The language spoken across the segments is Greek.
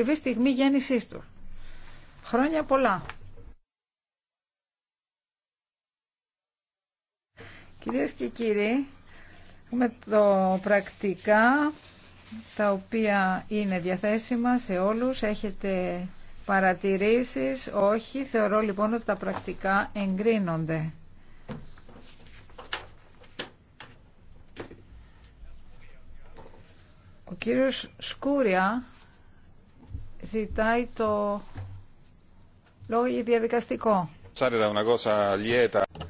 ακριβή στιγμή γέννησής του. Χρόνια πολλά. Κυρίες και κύριοι, με το πρακτικά τα οποία είναι διαθέσιμα σε όλους. Έχετε παρατηρήσεις. Όχι, θεωρώ λοιπόν ότι τα πρακτικά εγκρίνονται. Ο κύριος Σκούρια ζητάει το λόγο για διαδικαστικό.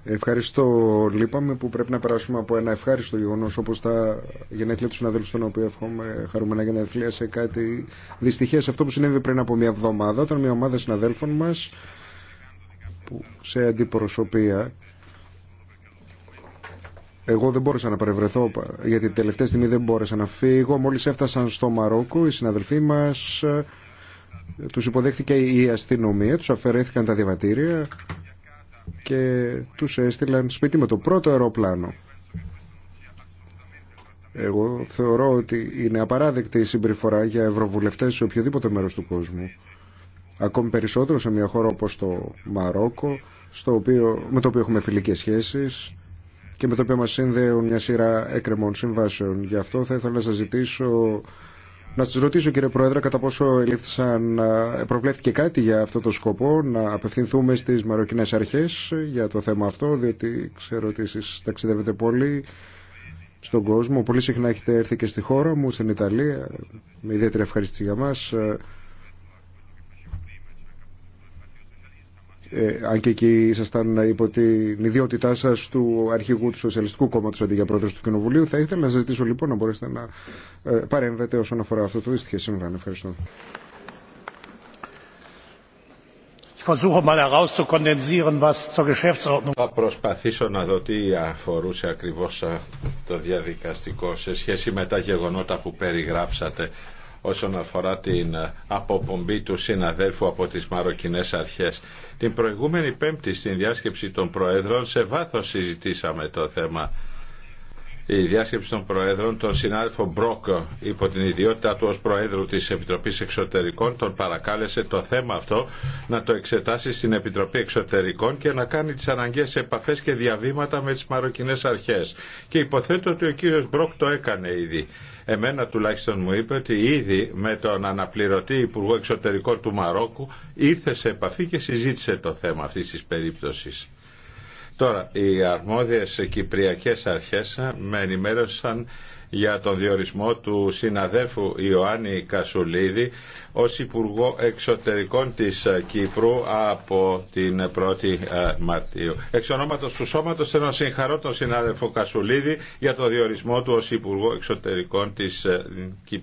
Ευχαριστώ. Λείπαμε που πρέπει να περάσουμε από ένα ευχάριστο γεγονό όπω τα γενέθλια του συναδέλφου, των οποίο εύχομαι χαρούμενα γενέθλια, σε κάτι δυστυχέ. Αυτό που συνέβη πριν από μια εβδομάδα, όταν μια ομάδα συναδέλφων μα που σε αντιπροσωπεία. Εγώ δεν μπόρεσα να παρευρεθώ, γιατί τελευταία στιγμή δεν μπόρεσα να φύγω. Μόλι έφτασαν στο Μαρόκο, οι συναδελφοί μα. Του υποδέχθηκε η αστυνομία, του αφαιρέθηκαν τα διαβατήρια και του έστειλαν σπίτι με το πρώτο αεροπλάνο. Εγώ θεωρώ ότι είναι απαράδεκτη η συμπεριφορά για ευρωβουλευτές σε οποιοδήποτε μέρος του κόσμου. Ακόμη περισσότερο σε μια χώρα όπως το Μαρόκο, στο οποίο, με το οποίο έχουμε φιλικές σχέσεις και με το οποίο μας συνδέουν μια σειρά έκρεμων συμβάσεων. Γι' αυτό θα ήθελα να σας ζητήσω να σα ρωτήσω, κύριε Πρόεδρε, κατά πόσο ελήφθησαν, προβλέφθηκε κάτι για αυτό το σκοπό, να απευθυνθούμε στι Μαροκινές αρχέ για το θέμα αυτό, διότι ξέρω ότι εσεί ταξιδεύετε πολύ στον κόσμο. Πολύ συχνά έχετε έρθει και στη χώρα μου, στην Ιταλία, με ιδιαίτερη ευχαρίστηση για μα. Ε, αν και εκεί ήσασταν υπό την ιδιότητά σα του αρχηγού του Σοσιαλιστικού Κόμματο αντί για πρόεδρο του Κοινοβουλίου. Θα ήθελα να σα ζητήσω λοιπόν να μπορέσετε να ε, παρέμβετε όσον αφορά αυτό το δυστυχέ συμβάν. Ευχαριστώ. Θα προσπαθήσω να δω τι αφορούσε ακριβώς το διαδικαστικό σε σχέση με τα γεγονότα που περιγράψατε όσον αφορά την ε, αποπομπή του συναδέλφου από τις Μαροκινές Αρχές. Την προηγούμενη πέμπτη στην διάσκεψη των Προέδρων σε βάθος συζητήσαμε το θέμα η διάσκεψη των Προέδρων, τον συνάδελφο Μπρόκ υπό την ιδιότητα του ως Προέδρου της Επιτροπής Εξωτερικών τον παρακάλεσε το θέμα αυτό να το εξετάσει στην Επιτροπή Εξωτερικών και να κάνει τις αναγκαίες επαφές και διαβήματα με τις μαροκινές αρχές. Και υποθέτω ότι ο κύριος Μπρόκ το έκανε ήδη. Εμένα τουλάχιστον μου είπε ότι ήδη με τον αναπληρωτή Υπουργό Εξωτερικών του Μαρόκου ήρθε σε επαφή και συζήτησε το θέμα αυτής της περίπτωσης. Τώρα, οι αρμόδιες κυπριακές αρχές με ενημέρωσαν για τον διορισμό του συναδέφου Ιωάννη Κασουλίδη ως Υπουργό Εξωτερικών της Κύπρου από την 1η ε, Μαρτίου. Εξ ονόματος του Σώματος θέλω να συγχαρώ τον συνάδελφο Κασουλίδη για τον διορισμό του ως Υπουργό Εξωτερικών της ε, Κύπρου.